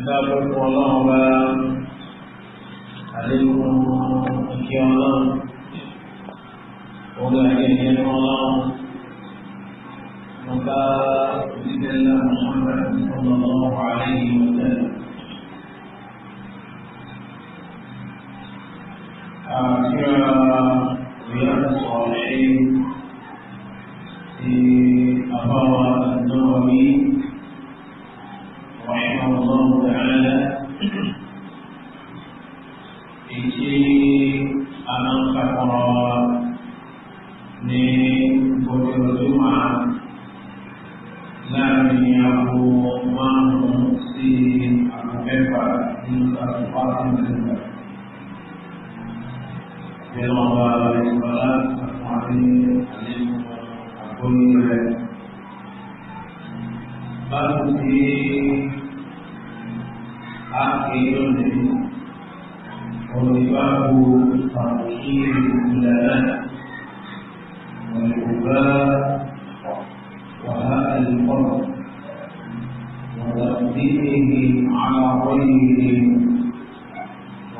ìdáàbò fún ọlọ́run bá àlékún ìkí ọlọ́run òun àti ẹ̀yẹ ní ọlọ́run nípa òṣìṣẹ́ ńlá Muhammad sallallahu alayhi wa sallam. Àkíra رياض الصالحين في أبواب النووي تعالى تشير إلى أنا والعباء وهاء القمر وتقديمه على غيره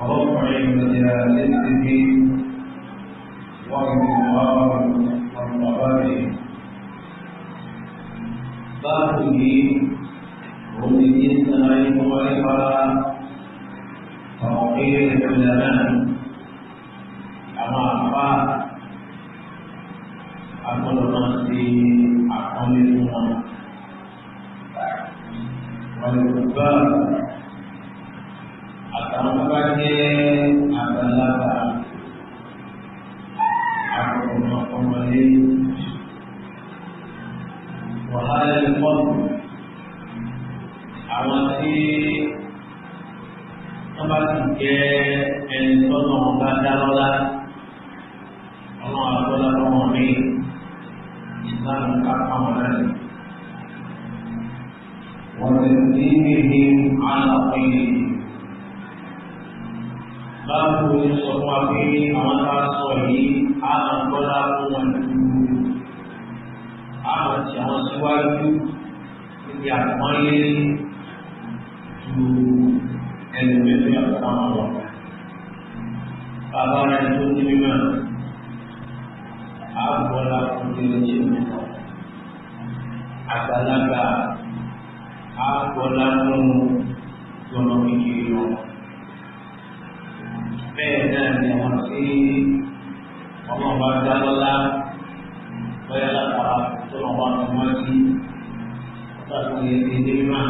ورفع مجالسه وانتظار مرتبته باب báwo ni sọ fún wa pé àwọn tá a sọ yìí á máa gbọ́dá fún wọn ju àwọn tí àwọn síwájú níbi àpọ́nlé ju ẹlòmíràn yàtọ̀ àwọn ọ̀rọ̀. Bàbá rẹ̀ tó ní mímọ́ Àgbàlagbà á gbọ́dá fún kékeré wọn bẹ́ẹ̀ náà ni àwọn tí ọlọ́run bá dá lọ́lá bóyá látara tó lọ́ bá fi wọ́n sí ọ̀tá tó yẹ kí ní mímá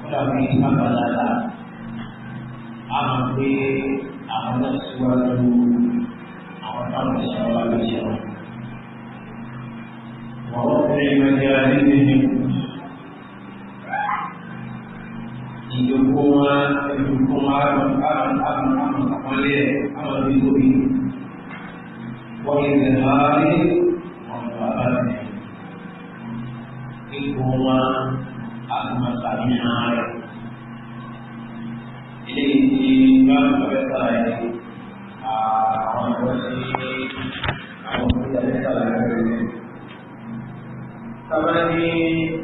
kọ́lá fi bàbá dáadáa a máa pé àwọn náà síwájú àwọn táwọn ìṣẹ́ wa lè ṣe wọn. وَرَبِّ مَجَالِدِهِمْ Hidupku ma, hidupku ma, قول الهاري ومقابلته إنهما أكمل سميعا إليه كان فبسائي ثمانية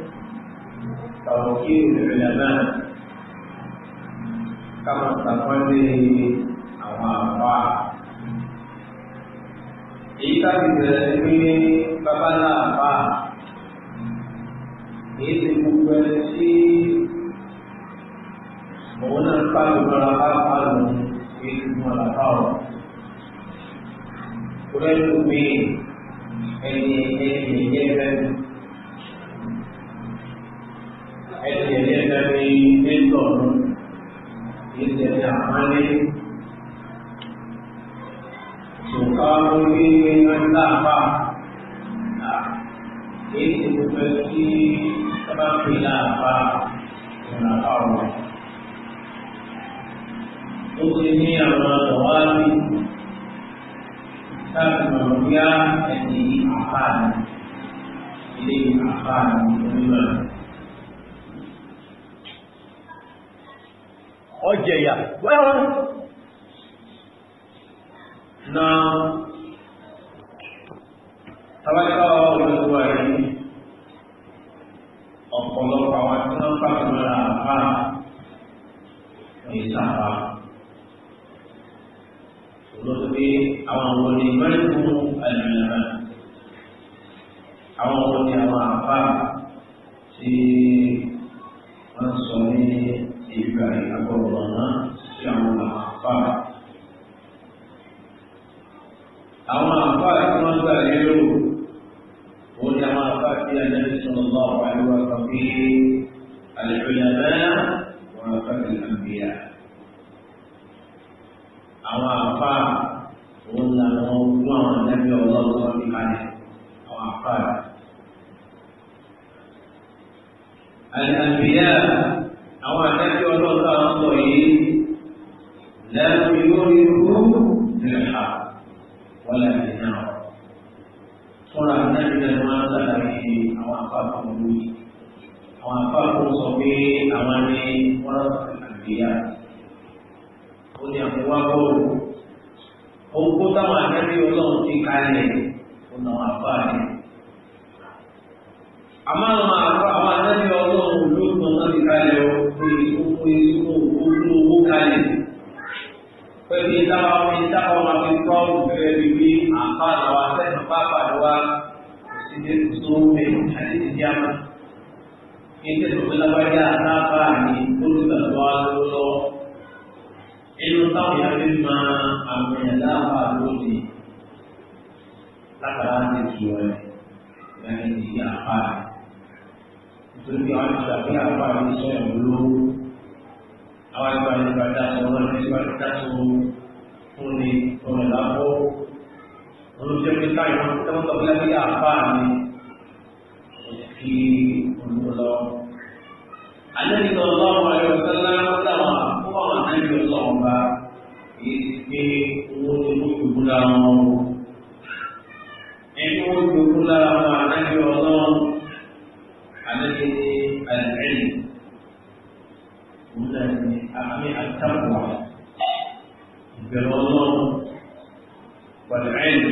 توكيل العلماء كما تقول أو أربعة láti bẹ̀rẹ̀ pé bàbá náà bá èyí ti gbogbo ẹni tí òun náà ń pàlù mọ́ra bá pàlù èyí ti mọ́ làbá ọ̀. kò lẹ́nu pé ẹni ẹni ẹ̀yẹ lẹ́nu ẹni ẹ̀yẹ lẹ́nu ẹ̀tọ́ èyí ti ẹ̀yẹ àmọ́lé. Sùkà ó ní láàpá èyí ti gbogbo ẹ tí sábà ń pè láàpá ìrìn àpá ọ̀rọ̀. ó ti ní àwọn ọ̀wáàbí láti mọ̀ bóyá ẹni àpá ni ilé ọjẹ̀yà wẹ́wọ́n. Now, tàbátà olùkọ́ rí ọ̀pọ̀lọpọ̀ àwọn tí wọ́n bá ti lọ́ra àbá ìsàbà olóòtú pé àwọn àwọn ní mẹ́rin fún àlùmíà àwọn àwọn ní àwọn àbá tí wọ́n ìgbéra àwọn àfa òun làwọn ogún àwọn ẹlẹ́bí ọlọ́run tó fi kalẹ̀ àwọn àfa rẹ̀. àlàbíyà àwọn ẹlẹ́bí ọlọ́run tó àwọn sọ yìí lẹ́nu ìlórí ìlú ìrìnà wọlé ìrìnà fúnra ẹlẹ́bí náà máa ń sàlàyé àwọn àfa kan lórí àwọn àfa kan sọ pé àwọn ni wọ́n rọ̀ القيامة قل يقوله أو قد ما نبي الله في كاله قلنا أفاده àmọ́ àwọn àgbà àwọn adájọ́ ọlọ́run ló tàn láti kalẹ̀ ọ pé ìkókó ìsúkò ojú owó kalẹ̀ pẹ̀lú ìdáwà fi dáwà wà fi kọ́ òbẹ̀rẹ̀ bí wí àpá àwọn atẹ́nu pápá lọ́wọ́ kò sí dé kò sówó bẹ̀ àti ìdí àmọ́ ilé ìlúwé lágbájá sábà ní olùgbàgbọ́ alówólọ́ inú táwọn èèyàn fi máa àwọn èèyàn láàbà lóde látara ti tù ẹ ẹni tí àpá rẹ nítorí àwọn ìgbà pé àpá rẹ sọ ẹ̀ lówó àwọn ìgbà ìgbà dá sọ wọn ní ìgbà tí òun lọ. Àlejò ọlọ́run ayọ̀sẹ́lá dáwà fún àwọn àlejò ọlọ́run bá èyí ti pé owó tó ń gbogbo lára wọn o. Ẹni wọ́n gbogbo lára wọn àlejò ọlọ́run àlejò ní àlẹ́yìn. Òun náà ni àmì àtàkùn ìbẹ̀rù ọlọ́run pẹ̀lú ẹ̀yìn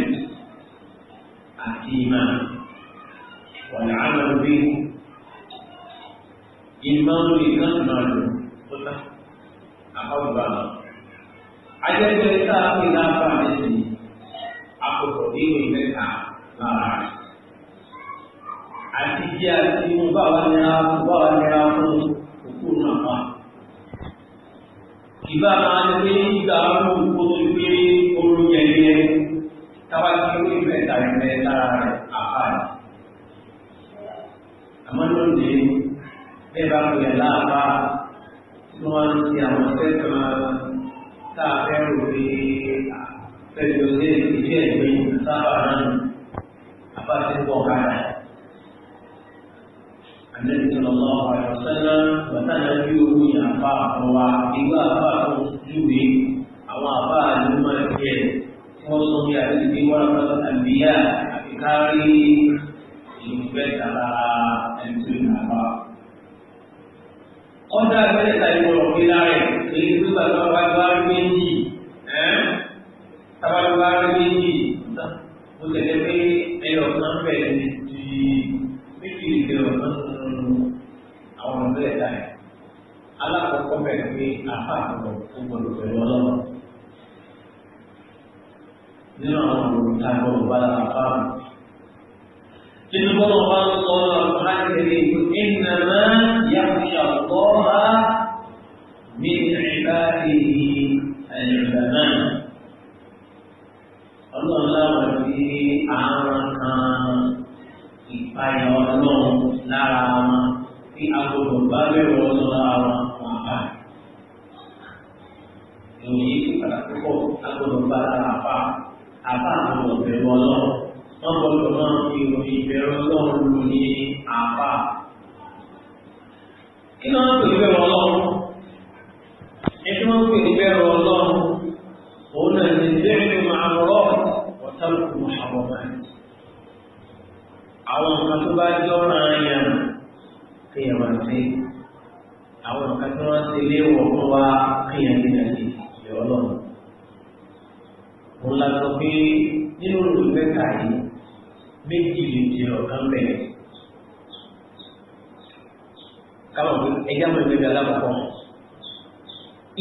àti ìmáà àmàlù bí ìmọ̀lù ìkan ìmọ̀lù tó ná àkọ́gbà. Ajẹ́gbẹ́ tá a fi lápá ẹ̀sìn àkókò nínú ìmẹ́ta lára rẹ̀. Àti jẹ́ àti mú báwa ní a fún báwa ní a fún òkú náà wá. Ìbá máa ń gbé ဲ့ဘာလို့လဲပါသွန်ကြောင်စက်မှာသာပဲလို့ဒီပြည်သူတွေဒီကျဲပြီးသာပါရန်အပါစင်ပေါ်ကနေအနည်းဆလလောဟ်အလ္လာဟ်ဆလမ်ဝတန်ယူမီအပါဘောဒီကပါတော့ယူရီအဝပါလူမကျဲဘောဆုံးရဒီဝါရတ်အန်ဘီယာအခါရီဒီဘက်တာ ọjà ìpínlẹ̀ tàbí ọ̀rọ̀ pé lára ẹ̀ èyí tó gbà tó bá gbá rí méjì tábà gbá rí méjì mo tẹ̀lé pé ẹyọ kan bẹ̀ ní ti méjì ìgbẹ́ ọ̀kan nínú àwọn ọ̀dọ́ ẹ̀dá ẹ̀ alákọ̀ọ́kọ́ bẹ̀ pé afá àkọ́kọ́ tó gbọdọ̀ pẹ̀lú ọlọ́run nínú àwọn olùtàgbọ̀ bá lára fáwọn لأن الله قال الله القرآن الكريم إنما يخشى الله من عباده العلماء الله لا وفي عرق ìpayà ọlọ́run lára wọn tí agbọ́dọ̀ bá bẹ̀rù ọlọ́run lára wọn wọn bá ìròyìn pàtàkì pọ̀ agbọ́dọ̀ wọ́n gbọ́dọ̀ máa fi ìròyìn ìbẹ̀rù ọlọ́run lò ní àbá. iná ń pè bẹ̀rù ọlọ́run ẹni wọ́n pè ní bẹ̀rù ọlọ́run òun náà ní bẹ́ẹ̀ni máa rọ̀ ọ̀tàlùkù àwọ̀mọ́ àwọn nǹkan tó bá jọ ọ̀ràn ayàn kéèyàn máa ṣe àwọn nǹkan tó wọ́n ṣe léèwọ̀ fún wa kéèyàn nígbà tí ìyọ̀ ọlọ́run òun la sọ pé nínú olùgbẹ́ka yìí méjì lè jẹ ọ̀kan bẹ̀rẹ̀ káwọn pé ẹjá mọ̀ ìgbẹ́gbẹ́ alákọ̀ọ́kọ́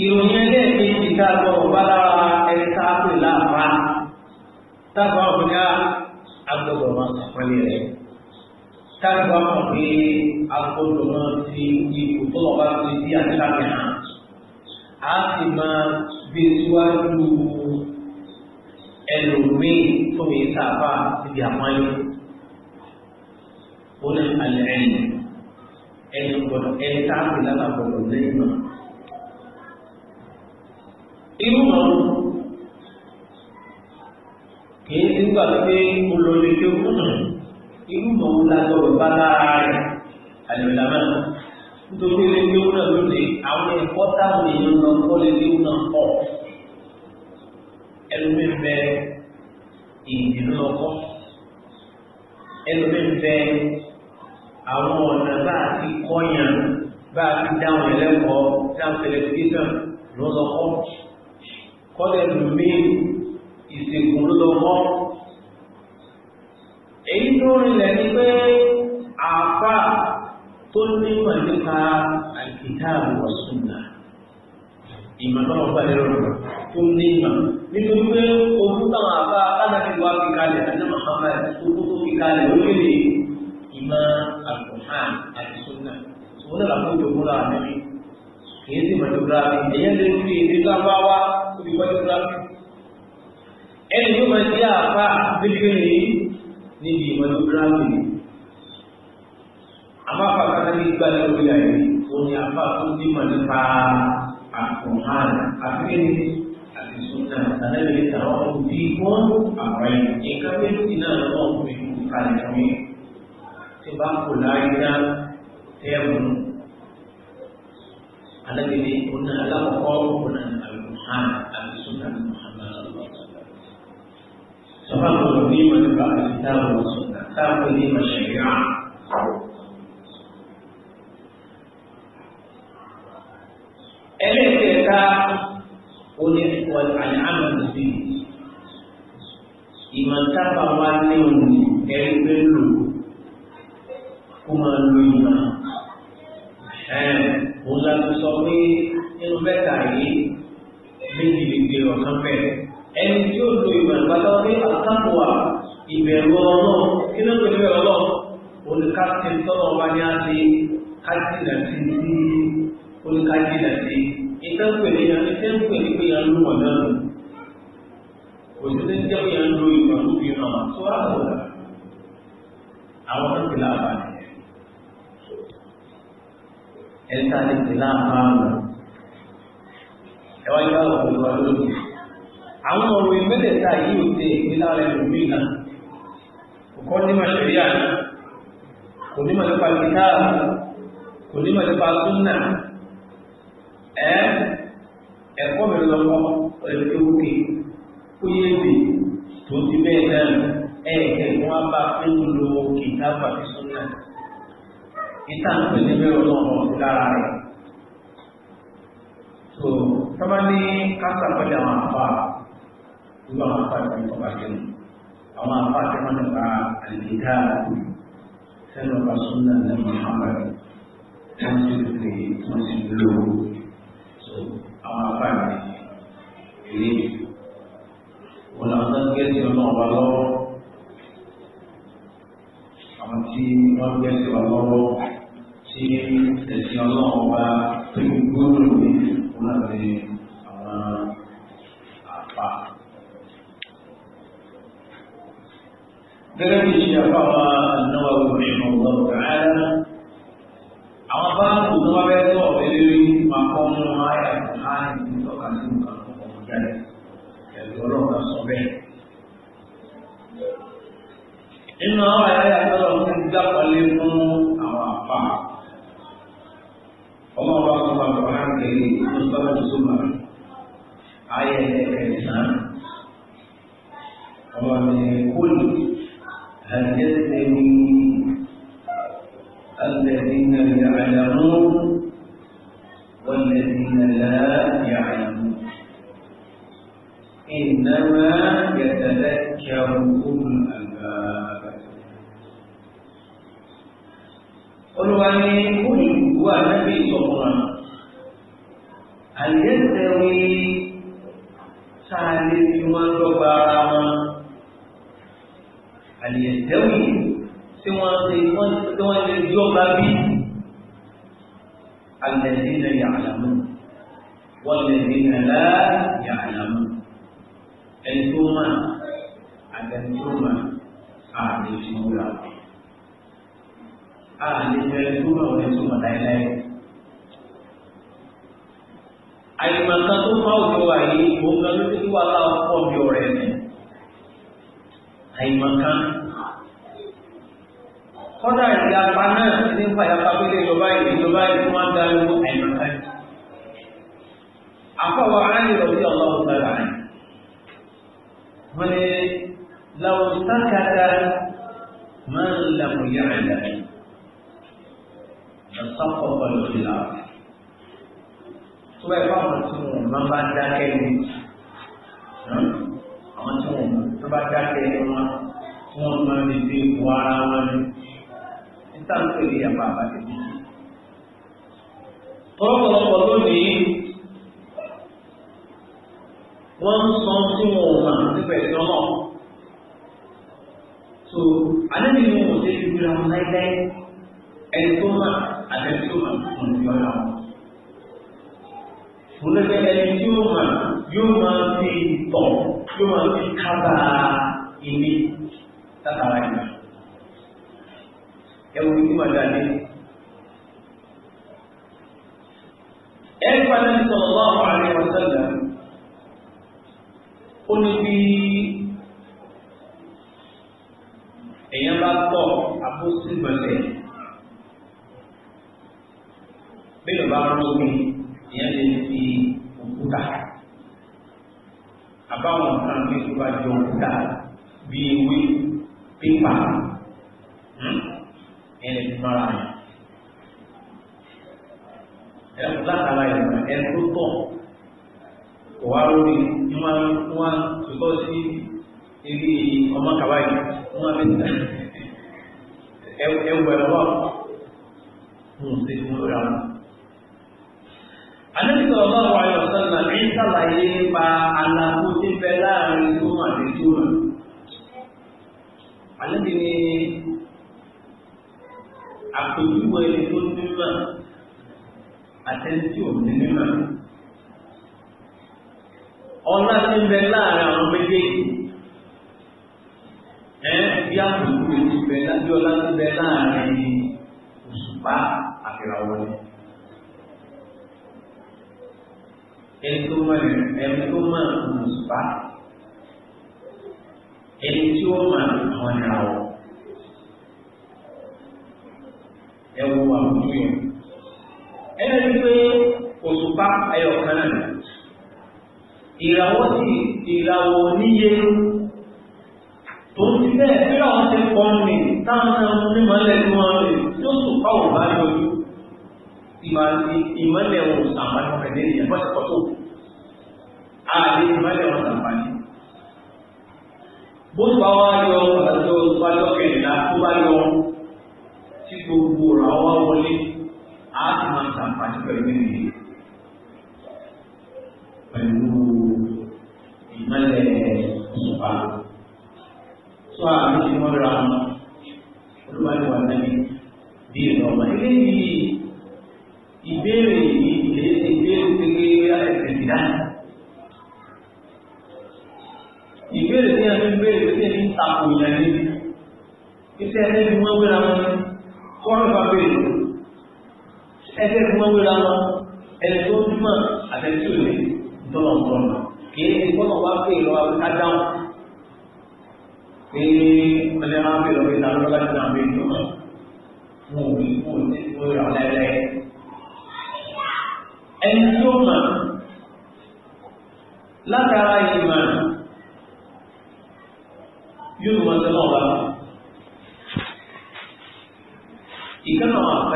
ìròyìn ẹlẹ́ẹ̀kejì tá a gbọ́ wà lára ẹni tá a pè láàbá tábà wọn ní agbọ́dọ̀ máa sàpẹ́lẹ̀ rẹ̀ tábà wọn pé agbọ́dọ̀ máa fi ipò tó lọ́ba ti di àtàkì hàn A sì máa gbé síwájú ẹlòmíì tó yẹ sábà síbi àpáyé ó ní alẹ́ ẹ̀yìn ẹni gbọ́dọ̀ ẹni tá a fi lára gbọ́dọ̀ lẹ́yìn náà. irú mọ̀ kìí ti gbà pé olórí tó kù nù irú mọ̀ wò lágbọ̀dọ̀ bá lára rẹ̀ àlùmọ̀lámà nítorí ilé tó náà lónìí àwọn ẹ̀kọ́ táwọn èèyàn lọ kọ́ lé tó náà pọ̀ ẹlòmí ń bẹ ìdìnnú ọkọ ẹlòmí ń bẹ àwọn ọ̀nà bá a ti kọ́yàn bá a ti dáhùn ẹlẹ́kọ̀ọ́ dáhùn tẹlifíṣàn ló lọ kọ́ kọ́lẹ̀ lùmí ìsìnkú ló èyí tó rinlẹ̀ ni pé àáfà tó nímọ̀ nípa àkìtà àwọn ọ̀sùn náà ìmọ̀ náà bá lérò tó ní ìmọ̀ nítorí pé ogún táwọn àbá alábí wa fi kalẹ̀ àti Muhammad ogún tó fi kalẹ̀ lórílẹ̀ ìmọ̀ àlùkùnhán àti sunna òun náà làwọn ojú òmúra àmì kìí sì mọ̀jú gíráfì ẹ̀yẹ́ lè fi èdè lábáwá tó fi wájú gíráfì ẹni yóò máa jẹ́ àbá bíbélì yìí níbi ìmọ̀jú gíráfì àbá pàtàkì nígbà lórí àyè òun ni àbá tó ní mọ̀ nípa àlùkùnhán àti النبي تراكم فيكم امرين ان كملوا الى الله منكم خالقين سباق لايدا تيمون الذي ni kuna alama kwao kuna alquran alisuna muhammad sallallahu alaihi wasallam sababu nzima ni kwa kitabu na sunna kama ni masharia elekeka oni والأنعام المسلمين ìmọ̀ tábà wá ní òní ẹ̀rí pé lò kó máa lo ìmọ̀ òun la ti sọ pé nínú mẹ́ta yìí méjì lè gbé ọ̀kan bẹ̀rẹ̀ ẹni tí ó lo ìmọ̀ ìgbàlọ́ pé àtàkùwà ìbẹ̀rù ọlọ́run kí ló ń pèsè ọlọ́run olùkásí tọ́lọ́ ọba ní á ti kájìnà sí sí olùkájìnà sí ìtẹ́kùn ní ìtẹ́kùn ní pé yàn ló wọ̀ náà kò sí ní jẹ́ yàn ló ìmọ̀ tó fi hàn tó àbọ̀dà àwọn tó fi láàbà ẹ̀ta lè fi láàbà rẹ̀ ẹwà yóò wà lọ́wọ́ lọ́wọ́ lórí àwọn ọ̀rọ̀ ìmẹ́lẹ̀ta yìí ò tẹ ìpínlẹ̀ rẹ̀ lómi náà kò kọ́ ní màṣẹ̀ríà kò ní màṣẹ̀pá kìtáà kò ní màṣẹ̀pá súnà ẹ ẹ̀kọ́ mi lọ́kọ́ pẹ̀lú ewúke kó yé mi tó ti bẹ́ẹ̀ náà ẹ ẹ̀kẹ́ wọn bá fi ń lo kìtá pàtó sọ́nà kìtá ń pèlè bẹ́ẹ̀ ọlọ́run ọ̀hún lára rẹ̀ so tọ́ba ní kásá pẹ̀lú àwọn àfa gbogbo àwọn àfa ìpín ọba kẹ́nu àwọn àfa tí wọ́n ń pa àlèkà sẹ́nu ọba sọ́nà lẹ́nu Muhammad wọ́n ti lè wọ́n ti lò ó. bá ní kúrì wà nábì ìsọ̀kùnra àyẹ̀sẹ̀ wí sáàlẹ̀ tí wọ́n dọ́gba ara wọn àyẹ̀sẹ̀ wí tí wọ́n ṣe tí wọ́n lè dọ́gba bí الذين يعلمون والذين لا يعلمون ẹni tó máa àtẹni tó máa àti ìṣúra. àlejò túmọ̀ òní túmọ̀ láéláé. àyùmọ̀kan tó máa ń jọ àyè òun gan ló ti wá láwọn pọ̀ bí ọ̀rẹ́ mi. àyùmọ̀kan kọ́dà ìyapa náà ti ní fàyàpá pé ìjọba ìjọba ìjọba dá lówó àyùmọ̀kan. àfọwọ́ aráyè lọ sí ọlọ́run lára rẹ̀. wọ́n ní لو سكت من لم يعلم ẹ̀sọ́kọ̀ọ́kọ́ ló ti là. tó bá yẹ kó àwọn tí wọn máa bá dákẹ́ ní àwọn tí wọn tó bá dákẹ́ ní wọn tí wọn máa ń fi wọ ara wọn ní. níta ló pè ní ìyàpá àbájáde yìí. ọ̀pọ̀lọpọ̀ lónìí wọ́n ń sọ tí wọn ò mà nípa ẹ̀sìn ọlọ́run. so àlejò ni wọn ò ṣe é fi gbéra wọn láíláí ẹni tó máa àti tí ó mà fún ní ọ̀la wọn. Mo lè fẹ́ ẹni tí ó mà yóò máa fi tọ̀ yóò máa fi kábà ilé látara ìgbà. Ẹ wo ní wàdà lé. Ẹni ní sọ̀rọ̀ wà ní ọ̀sẹ̀lẹ̀. Ó ní bí èèyàn bá tọ̀ àbó sí gbọ̀nsẹ̀ bí lọ́ba rọ́gbìn ìyẹn lè fi òkúta àbáwọn kan bí tó bá jọ òkúta bí ewé pépà hmm, ìyẹn lè fi mara rẹ̀ ẹ̀rọ látara ìlànà ẹni tó tọ̀ kò wá lórí wọn wọn tutọ́ sí ilé ọmọ kaba yìí wọn bẹ tẹ ẹwù ẹ̀rọ wà fún un ṣe fún ọ̀rọ̀ àwọn. Ànábì sallallahu alaihi wasallam ń ṣàlàyé nípa àlàfo tí ń bẹ láàrin tó mà dé tó mà. Ànábì ni àpèjúwe ẹni tó ní mà àtẹni tí ò Ọlá tí ń bẹ láàrin àwọn méjèèjì. Ẹ bí àpèjúwe ti bẹ lábí ọlá bẹ láàrin òṣùpá àfìràwọ̀ ni. ẹni tó mọ̀ ẹni tó mọ̀ òṣùpá ẹni tí ó mọ̀ àwọn ìràwọ̀ ẹ wo àwùjọ yẹn ẹni rí pé òṣùpá ẹyọ kan náà ìràwọ̀ sì ìràwọ̀ níye tó ti bẹ́ẹ̀ bí àwọn ti pọ̀ mi táwọn náà mú ní mọ́lẹ̀ tí wọ́n lè tí ó sùn fáwọn bá yọjú ìmọ̀lẹ̀ òun sàmánú rẹ̀ nílẹ̀ ìyàgbọ́sẹ̀kọ́ tó àti ìmọ̀lẹ̀ ọ̀sán pàdé. bó bá wá yọ ọ̀dọ́ ìpàdé kẹrìnlá tó bá yọ tí gbogbo ọ̀rọ̀ àwọn wọlé á sì máa ṣàǹfààní pẹ̀lú ìlú pẹ̀lú ìmọ̀lẹ̀ ìṣùpá. sọ àmì tí wọ́n ra olúwa ni wà bí ìlú ọmọ eléyìí ìbéèrè ìbéèrè tí a ti béèrè tí a ti ń takò ìyàn ní iṣẹ́ ẹgbẹ́ fi wọ́n wéra wọn kọ́rọ̀ bá béèrè ẹgbẹ́ fi wọ́n wéra wọn ẹni tó ń mọ̀ àtẹ̀tí ò ní dọ́nà dọ́nà kì í gbọ́dọ̀ wá pè lọ ká dáhùn pé ọlẹ́ máa ń pè lọ pé ta ló bá ti dáhùn pé tó mọ̀ wọn ò ní kó ní kó rà lẹ́lẹ́ ẹni tí ó mọ̀ látara ìmọ̀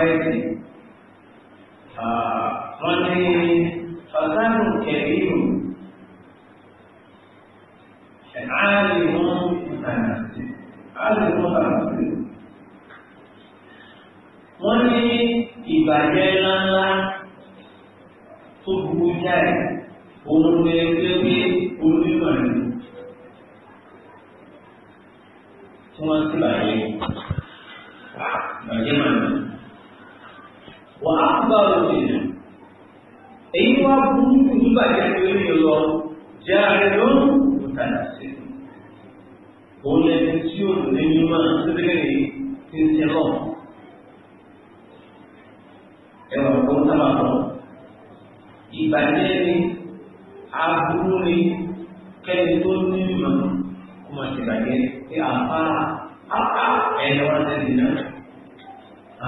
Amen. ìbàjẹ́ pé àfa àfa ẹ̀rọ wa tẹ̀lé náà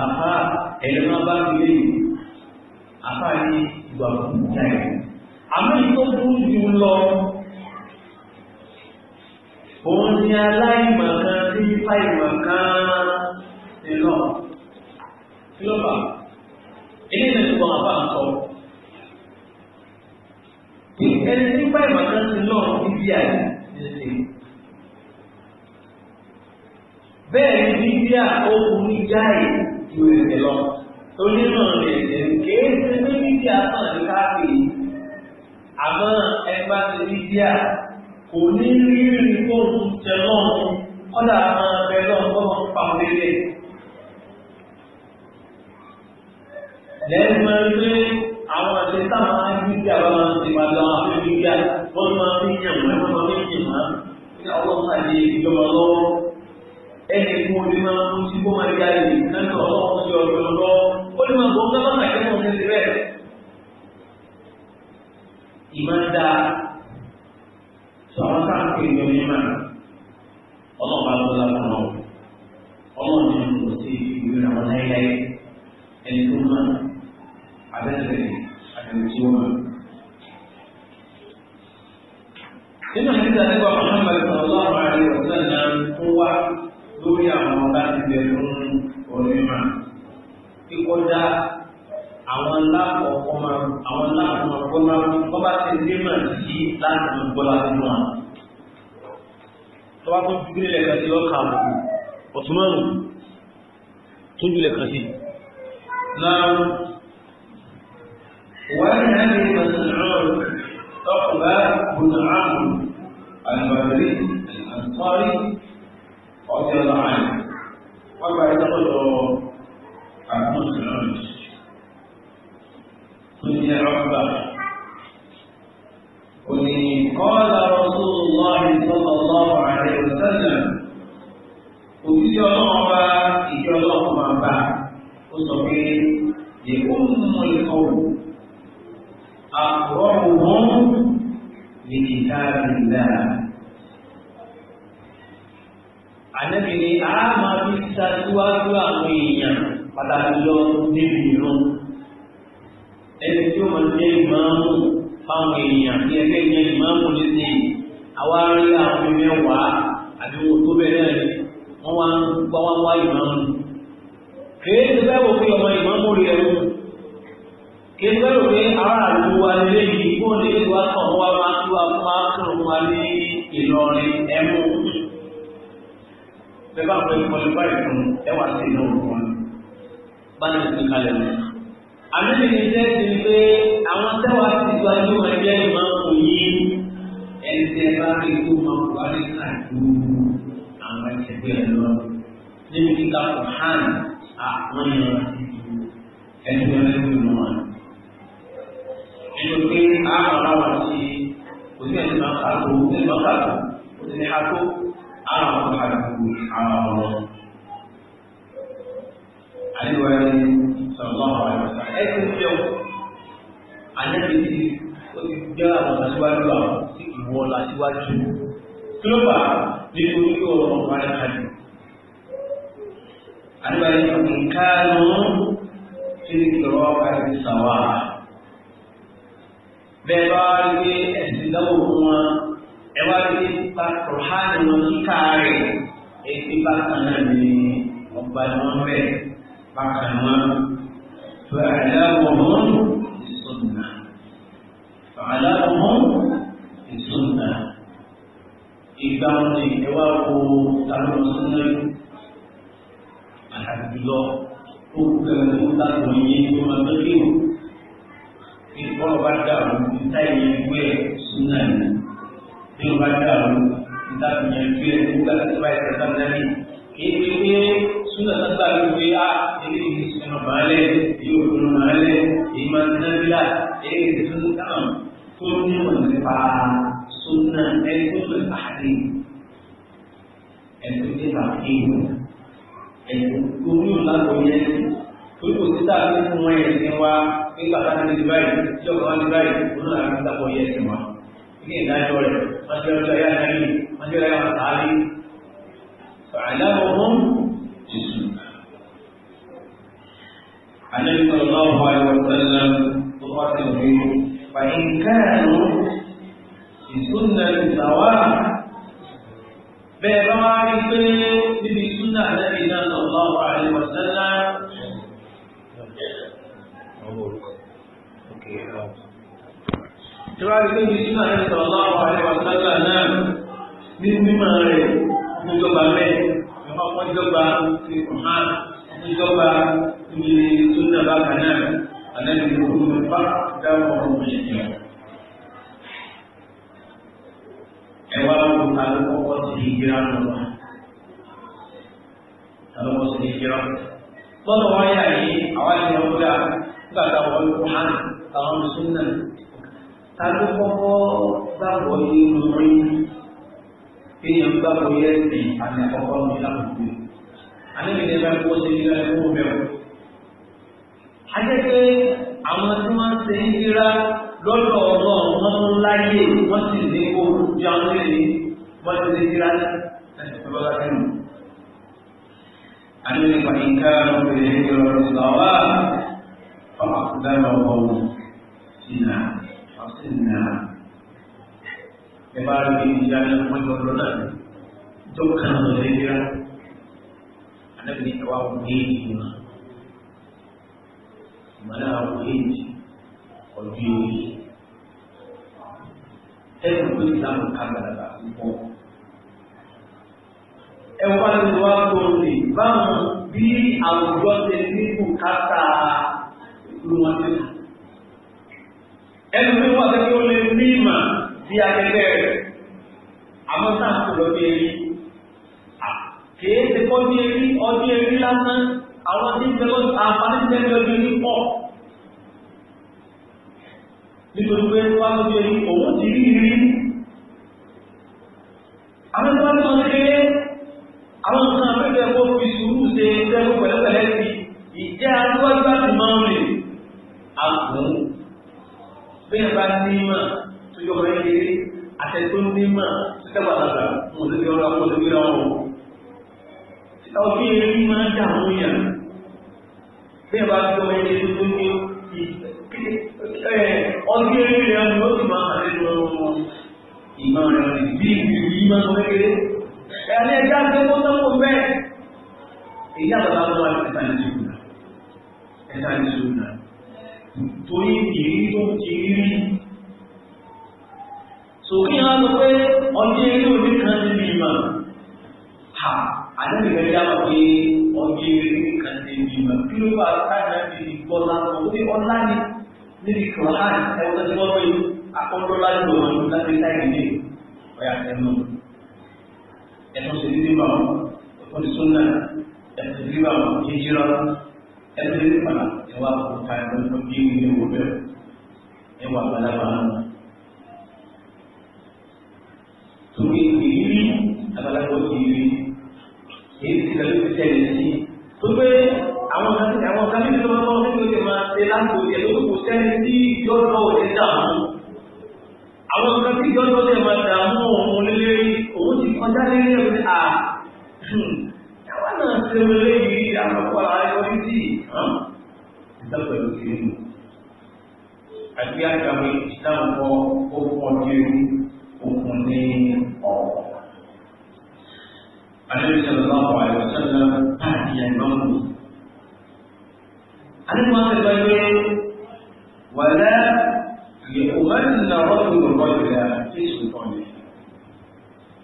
àfa ẹ̀rọ wa bá mi lé àfa ní ìgbà fún ìjáyà àmọ́ ìtọ́ burú jù lọ òun ni aláìmọ̀kan tí fá ìmọ̀kan ti lọ kí ló fà ilé ìlẹ̀ ìgbọ̀n àbá ń sọ ẹni tí fá bẹ́ẹ̀ ni bíbíà ohun ní jáì ju ẹ̀sẹ̀ lọ onírànà ẹ̀sẹ̀ kìí ṣe pé bíbíà náà ní káàkiri àmọ́ ẹ bá ti bíbíà kò ní rí rí fóònù jẹ lọ́wọ́ kọ́dà máa bẹ lọ́wọ́ kọ́mọ pa òlélẹ̀ lẹ́nu ẹ pé àwọn ẹ̀sẹ̀ táwọn á bíbíà bá máa ti máa lọ àwọn bíbíà wọ́n máa fi yàn wọ́n máa fi yàn wọ́n ní ọlọ́run àti ìjọba lọ́wọ́ ẹnì kan lè máa mú sí kó máa jáde lẹ́nu ọlọ́run sí ọjọ́ lọ́wọ́ ó lè máa bọ̀ ọ́n sábà máa kẹ́kọ̀ọ́ sí bẹ́ẹ̀. ìmọ̀ ń da sọ̀rọ̀ sáà ń pè ní onímọ̀ ọlọ́run bá lọ́ọ́ gbọ́dọ̀ àti mọ́ àwọn. tọ́wọ́ tó fi gbé lẹ́ẹ̀kan sí ọkà àbùkù ọ̀túnmọ́nù tó jù lẹ́ẹ̀kan sí. náà wọ́n ní òjíṣẹ́ ọlọ́run bá ìjọ ọlọ́run máa bá ó sọ pé èkó mú ikọ̀ wò àkùrọ̀rù wọn lè kí káàkiri ni a máa fi ṣáájúwájú àwọn èèyàn pàtàkì lọ níbi ìran. Ẹni tí ó máa jẹ́ ìmáàmù fáwọn èèyàn ní ẹgbẹ́ ìyẹn ìmáàmù nísìnyí, àwa rí àwọn mẹ́wàá àbí wo tó bẹ̀rẹ̀ ní wá ń wá wá wá ìmáàmù kìí ti fẹ́ wò pé ọmọ ìmáàmù rẹ̀ mú kìí ti fẹ́ wò pé aráàlú wa lé yìí kó ní ìlú wa kàn wá máa tú wa fún wa kàn wá ní Ìlọrin ẹ̀mú. bẹ́ẹ̀ bá ń pè é kọ́lé báyìí fún ẹwà sí ìlú wọn bá ní kalẹ̀ mọ́. àmì mi ni tẹ́ ti pé àwọn tẹ́wàá ti gba ẹni wọn jẹ́ ìmáàmù yìí ẹni tẹ́ bá rí kó máa wà ní àdúgbò ẹgbẹ́ ẹ lọ níbi kíkà kùhán àwọn èèyàn ti ju ẹgbẹ́ ẹgbẹ́ lọ wọn. nínú pé àwọn aláwọ̀ ti kò sí ẹni máa kà tó ẹni máa kà tó kò sí ẹni ha tó àwọn ọmọ kà tó àwọn ọmọ. àyẹ̀wò ẹni sọ̀rọ̀ lọ́wọ́ àwọn ẹ̀rọ sáà ẹ̀ ti ń jẹun àyẹ̀wò ti ó ti jẹ́ àwọn aṣíwájú àwọn tí ìwọ la aṣíwájú. kí ló fà á? nítorí ọ̀rọ̀ wàrà àdì. Àdúgbàdì ìkànnù tí ní ìrọ̀ àti sàwà. Bẹ́ẹ̀ bá wá rí pé ẹ̀sìn ìdánwò fún wa, ẹ wá rí pé bá Kùrọ̀hánì wọn kíkà rẹ̀, èyí bá kan náà ní ọgbà ni wọ́n fẹ́ bákan wọn. فأعلاهم السنة فأعلاهم السنة ìgbà wọn ni ẹ wá wo tàbí ọ̀sán náà pàtàkì jùlọ ó kú kẹrin tó dáàbò yẹn tó máa tó kí o kí ọ̀rọ̀ bá dàrú níta ìyẹn gbé ẹ̀ súnà ní bí ó bá dàrú níta ìyẹn gbé ẹ̀ nígbà tí ó bá yẹ kẹta ní kí ah, ni pé súnà tó ló gbé a èyí ti sọ̀rọ̀ máa lẹ̀ èyí ò fún máa lẹ̀ èyí máa ń dábìlà èyí ti sọ̀rọ̀ tó ní ọ̀nà nípa súnà ẹni tó lè pàdé ẹni tó lè pàdé ẹni tó ní ìlànà yẹn tó kò sí sáà ní fún wọn ẹ̀sìn wa nígbà tá a ti di báyìí tí ọkọ̀ wọn di báyìí ó náà ní sábọ̀ yẹn ẹ̀sìn wa ní ìdájọ́ فعلمهم بالسنة النبي صلى الله عليه وسلم تقاتل فيهم فإن كانوا ìsúnà ìsàwá bẹ́ẹ̀ bá wá rí pé níbi ìsúnà àlẹ́bí náà lọ lọ́wọ́ àìwọ̀ sẹ́lá. tí wàá rí pé níbi ìsúnà àlẹ́bí náà lọ́wọ́ àìwọ̀ sẹ́lá náà ní mímọ̀ rẹ̀ fún ìjọba mẹ́ẹ̀ ẹ̀fọ́ fún ìjọba ti kùnà fún ìjọba ti súnà bákan náà àlẹ́bí náà fún ìfá dáwọ́ ọmọ ìyẹn. Kalau ta ló kọ́kọ́ sí ìgbéra nù wá ta ló kọ́kọ́ sí ìgbéra lọ́dọ̀ wáyé àyè àwa ìlú ọgbà nígbà tá a wọ́n kó hàn táwọn mùsùlùmí náà ta ló kọ́kọ́ gbàgbọ́ yé lórí kéèyàn gbàgbọ́ yé ẹ̀sìn àti àkọ́kọ́ ní ìlànà àní mi ní ẹ bá kó ṣe lọ́dọ̀ ọ̀dọ́ wọn mú láyé wọ́n sì ní kó jáwé ní bọ́ọ̀lù ti kíra ẹ̀sìn tó lọ́la sínú. àní nípa ìka obìnrin ní ọ̀rọ̀ ìlọ́wà ọmọ àkúdára ọ̀hún sínà ọ̀sìnà ẹ bá rí ìyá ní ọmọdé ọ̀rọ̀ náà tó kàn án lọ́lẹ́ kíra anábìrin ẹ̀wà òun ní ìgbìmọ̀ ìmọ̀lá òun ní ọ̀dọ́ ìwé ẹ̀rù pé ẹ̀wọ̀n bá lórí wá lórí báwọn bí àwùjọ ṣe ní bùkátà ló wọn ti nà. ẹnu tí wọ́n ti kí ó lè ní ìmọ̀ sí akẹgbẹ́ rẹ̀ àmọ́ sáà kò lọ bí erí. kìí ṣe kọ́ bí erí ọdún erí lásán àwọn tí ń bẹ lọ́dún àǹfààní ti tẹ́lẹ̀ ọdún erí pọ̀. nítorí pé wọ́n á lọ bí erí òun ti rí rí. àwọn tí wọ́n ti sọ ní erí àwọn nǹkan abẹ́fẹ́ kó fi sùúrù ṣe tẹ́lú pẹ̀lẹ́pẹ̀lẹ́ sí ìjẹ́ aṣíwájú láti máa ń rìn àgùn bí ẹ bá ní mà tó yọ ọmọ ẹgbẹ́ àtẹ̀tún ní mà tó tẹ́wà lára mo lè fi ọ̀rọ̀ mo lè fi ọ̀rọ̀ wọn. òbí erin máa ń dààmú yà bí bá fi ọmọ ẹgbẹ́ tó ní ọdún erin rẹ̀ ọdún ó máa hàn nínú ìmọ̀ rẹ̀ bí ìgbìmọ̀ ìmọ̀ ní ẹja gbé mọ́tò kò bẹ́ẹ̀ èyí àbàbà tó wà ẹ̀ta ní ṣùgbọ́n ẹ̀ta ní ṣùgbọ́n torí ìrírí tó ti rí sòkè hàn ló pé ọdún eré òní kan ti bí mà ha àdéhùn ìgbẹ́ yà wọ́n pé ọdún eré kan ti bí mà kí ló bá káyọ̀ ti di gbọ́ lánàá ó ní ọ̀la ni níbi kọ̀ọ̀lá ẹ̀wọ́n tó ti wọ́n pé akọ́ńdọ́lá ló wọ́n láti táyì ní ọ̀yà tẹ̀lé ẹ̀tọ́ sí ní bíbá wọn ẹ̀tọ́ sí súnà ẹ̀tọ́ sí bíbá wọn jíjírọ́ ẹ̀tọ́ sí nípa ẹ̀wà kọ̀ọ̀ká ẹ̀tọ́ sí bí ní ìwò bẹ́ẹ̀ ẹ̀wà balaba náà. Torí ìrírí àgbàlagbọ̀ ti rí èyí ti lọ sí tẹ̀lé sí. Tó pé àwọn kan àwọn kan nínú ọmọ nínú ìjọba ṣe láti òjò lóko sẹ́ni tí yóò lọ́wọ́ ní dàmú àwọn nǹkan tí ìjọ́jọ́ lè máa dààmú òun lélé òun ti kọjá lélé ẹ̀ pé à àwọn hmm, náà ṣe wọlé yìí àkọ́kọ́ àjọ títí ìdápẹ̀lú kiri nù àti àjàmì ìdáǹkọ okùn ọdún okùn ní ọ̀rọ̀. Àlejò sọ̀rọ̀ lọ́wọ́ àìwọ̀ sọ̀rọ̀ láti ẹ̀gbọ́n mi. Àlejò wọn ti gbàgbé wọ̀lẹ́ لأمن رجل الرجل في سلطانه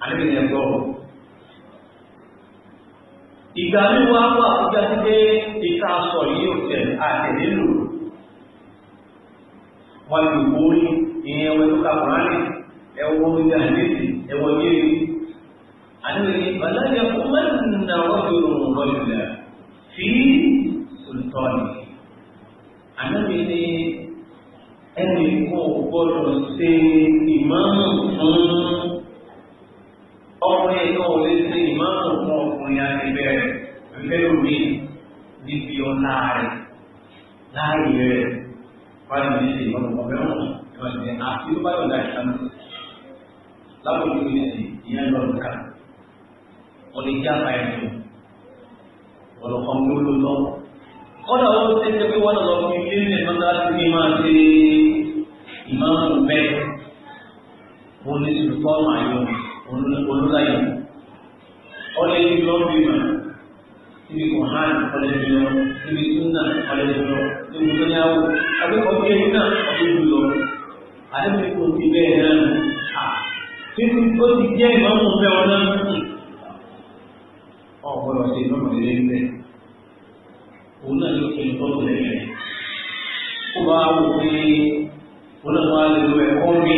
على من ينظر ìgbà wíwá wà fúgbà tí pé ìta sọ yìí ò tẹ̀ àtẹ̀lé lò wọn lè wó ní ìyẹn ẹwọ tó kàkùnrán lè ẹwọ ìgbà lèsì ẹwọ yéèrè àdúgbò ní bàlájà fún mẹ́rinà rọ́jò òun rọ́jò là fi sùtọ́ọ̀nì àdúgbò ẹnì kò gbọdọ̀ ṣe ìmáàmù fún ọkùnrin náà ò lè ṣe ìmáàmù fún ọkùnrin àtibẹ̀rẹ̀ lẹ́rùmí níbi ọ̀la rẹ̀ láàyè rẹ̀ wáyé ní ṣe ìmáàmù ọ̀bẹ̀ wọn ìrọ̀lẹ́ àti tó bá yọ̀ láti sánú lábòjú ní ti ìyẹn lọ́dún ká ọ̀lẹ́jà báyìí ọ̀lọ́kọ̀ọ́ ló lọ́wọ́ kọ́dà ó ṣe ń jẹ́ pé wọ́n lọ fi ilé ilẹ̀ mọ́sálásí ní máa ṣe ìmáàmù bẹ́ẹ̀ wọ́n ní sùpọ̀ màáyọ̀ olúláyọ̀ ọ̀lẹ́ ibi lọ́ọ̀bì mà ibi kò hàn ọ̀lẹ́ ibi lọ ibi súnà ọ̀lẹ́ ibi lọ ibi tó ní àwọ̀ akẹ́kọ̀ọ́ bí ẹni náà ọ̀lẹ́ ibi lọ àdébìí kò fi bẹ́ẹ̀ náà títí ó ti jẹ́ ìmáàmù bẹ́ẹ̀ wọn náà ọ̀pọ̀lọpọ̀ ṣe ìmáàmù lé òun náà ló fi tọ́lù lẹ́yìn rẹ̀ ó bá wò pé òun náà máa lè lo ẹ̀kọ́ mi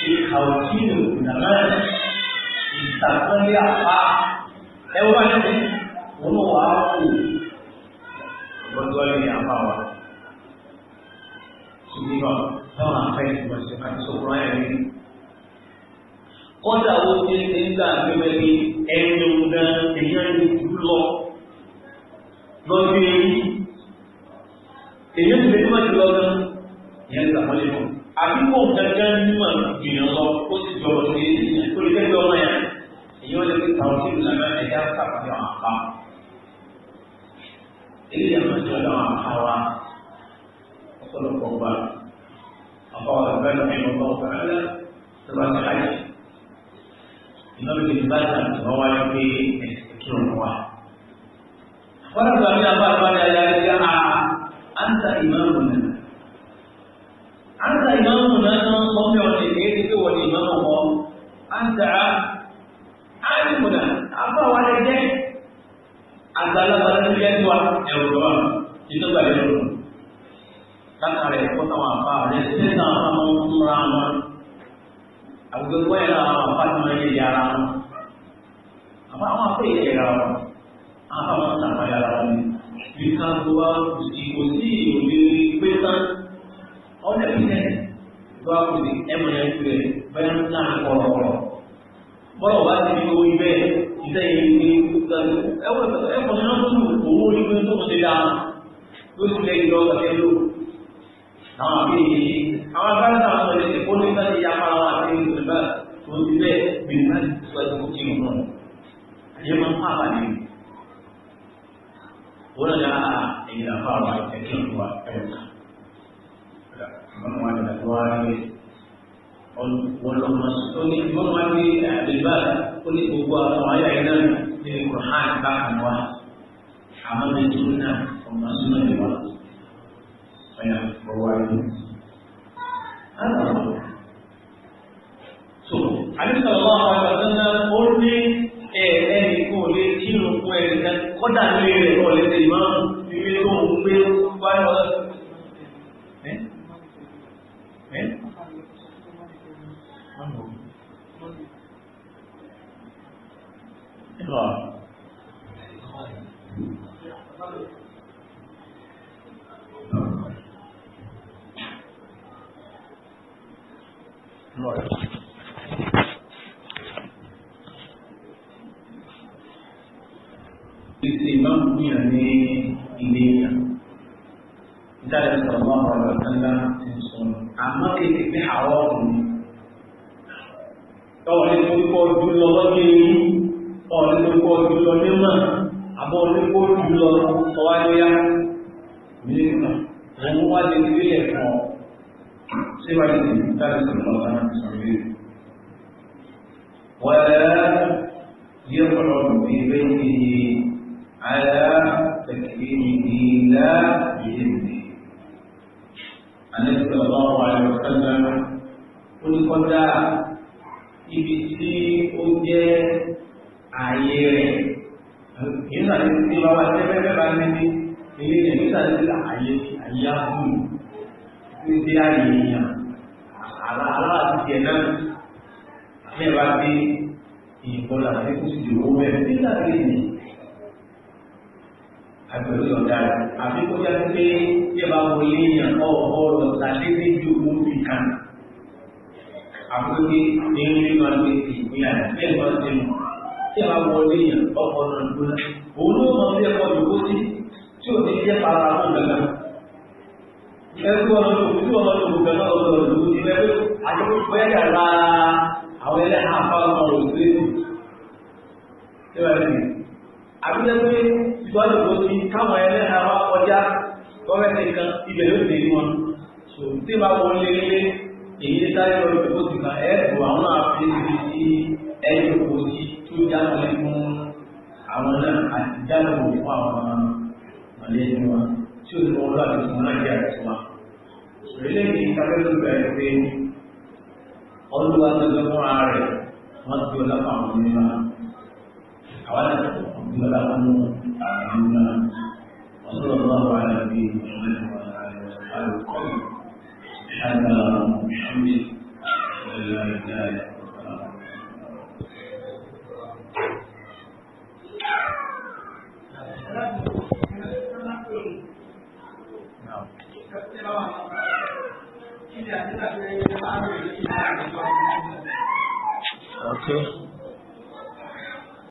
ṣe àwòkíni ìdàmẹ́ ìtàkọ́lé àpá ẹwọ́n bá yẹn òun náà wà á kù lọ́jọ́ lé àpá wa ṣùgbọ́n táwọn afẹ́yìn ti wọ́n ṣe àti sọ́kùnrin ayẹyẹ ni kọ́dà wo ti ń gbà gbẹ́mẹ́lì ẹni òun gan èèyàn ní ìlú lọ lọ́jọ́ èyí èyí ti lè mọ̀tì lọ́gán ìyẹn ti àpọ́nlé fún un àbí kò gángan nímọ̀ gbìyàn lọ ó sì jọ ọ̀rọ̀ sí èyí tó lè tẹ́gbẹ́ ọmọ yẹn èyí ó lè fi tàwọn sí ìlànà ẹ̀dá àpàdé àwọn àpá èyí àwọn àjọ àwọn àpá wa ọ̀pọ̀lọpọ̀ gbà àpá wa bẹ́ẹ̀ lọ́mọ ìmọ̀ ọ̀pọ̀ ẹ̀rẹ́ tó bá ti láyé ìnáwó ìgbà tí wọ́n lọ bí abá àgbà ní ayé ayé a àǹtà ìmáàmù náà àǹtà ìmáàmù náà náà ń sọ mẹ́wọ̀n ní èyí tí wọ́n ní ìmáàmù kọ́ àǹtà àdìmù náà afọ àwọn ẹ̀rẹ́ jẹ́ àgbàlagbà ní ilé ẹ̀dùn ẹ̀rù lọ́wọ́ inú gbà yẹn lọ látàrí ẹ̀kọ́ táwọn afá rẹ̀ ṣe ń tàn án mọ́ múra wọn àgbègbè wọn yẹn làwọn afá ti máa yẹ yàrá wọn àwọn afẹ́ yẹ yàrá wọn àfàwọn sàmáyà rà ní bí ká tó wá ìbò sí ìròyìn orí pé tán ọ̀dẹ̀ pínlẹ̀ tó wá kò sí ẹ̀mọ̀ yẹn pé bẹ́ẹ̀ ń tàn kọ̀rọ̀kọ̀rọ̀ bọ́lọ̀ bá ti ní owó ibẹ̀ iṣẹ́ yìí ní ẹ̀kọ́ náà tó owó ìgbé tó ti dá tó ti lẹ́yìn lọ sí ẹlò àwọn àbí àwọn agbára náà sọ èdè kó ní sáà ti ya pa àwọn àti ìgbà tó ti bẹ́ẹ̀ bí náà ti sọ ẹ̀kọ́ tí mo náà àyè máa ń pààlà nínú ဘုရားကြာအင်္ဂါပါပါတကယ်ကိုအဲ့ဒါမမဝါဒတော်ရီအဝလမစတုန်ဘုရားဒီအဘိဘာကုလိဘူဝါဆာယအိဒန်ဒီကုရ်ဟာန်ဘာကမဝါအမန်ဒီနာဘုမဆုနဒီဝါဆယာဘဝါဒီအဲ့ဒါဆိုအလ္လာဟ်ဆလ္လာဟ်အလိုင်းဝါဆလ Lord. Ìsìn ìmáàmù fúnyàn ní ilé ìyá. Ìtàlẹ̀ sọ̀rọ̀ máa wà lọ sánlá ti ń sọnù. Àmọ́ kéde pé àwọ̀ ọ̀run ni. Ọ̀rẹ́ tó ń kọ́ jùlọ lọ́jọ́ inú. Ọ̀rẹ́ tó ń kọ́ jùlọ nímọ̀. Àmọ́ ọ̀rẹ́ kó jùlọ ọwá lóyá. Mílíọ̀nù. Àwọn wá lè fi lè fún ọ síwájú ní láti sọ̀rọ̀ lọ́wọ́ láti sọ̀rọ̀ yìí. ولا يقرب ببيته على تكريمه لا بإذنه النبي صلى الله عليه وسلم قل قد ibisi ó jẹ́ ààyè rẹ̀ yìí náà ti ti lọ́wọ́ ẹgbẹ́ bẹ́ẹ̀ bá ní ní ilé ìyẹn nígbà ààyè ààyè á tí ó dé àyè èèyàn aláàtìtì ẹ̀ náà àti ẹ̀rọ àti ìyìnbọn àti kó sì dòwó bẹ́ẹ̀ nígbà tí èèyàn àgbẹ̀rù yọ̀ǹda rẹ̀ àfi kó jẹ́ pé tí ẹ bá wọlé èèyàn ọ̀rọ̀ ṣàdédé ju owó fi kan àkókò ní orí máa gbé ìpín àti ẹ̀rọ ti mọ̀ tí ẹ bá wọlé èèyàn ọkọ̀ náà gbóná òun ló mọ̀ sí ẹ̀kọ́ ìdókòtì tí ò ní jẹ́ para fún gbàgbà. အဲ့ဒီကတော့ဒီကတော့ဒီကတော့ဒီလည်းအကျိုးပေးရတာအဝဲလည်းအဖောက်တော်လို့သိတယ်။ဒါပဲ။အခုလည်းဒီတော့ဒီကမ္ဘာရဲ့အရောပေါ်ကြတော့တဲ့ကဒီလိုနေမှာဆိုဒီမှာဝင်လေလေဒီတိုင်းတော့ဒီကိုဒီကအဲဘောင်းလာပြည်ပြီးအဲ့ဒီကိုဒီသူကြားတယ်ကောအမှန်တန်အကြံလို့ပြောပါမှာမလေးက tí ó lọ́wọ́ láti fún láyé àìsàn orílẹ̀ èdè ìtàlẹ́lú bẹ̀rẹ̀ pé ọlọ́wà tẹ́lẹ̀ fún ààrẹ wọ́n ti ọlá fún àwọn onímọ̀ àwọn àti ọlá fún àwọn onímọ̀ ọlọ́wà lọ́wọ́ àlàbí ìrìnàjò àlùkọ́ ìṣàdà ìṣàmì ìṣàdà ìṣàdà Okay.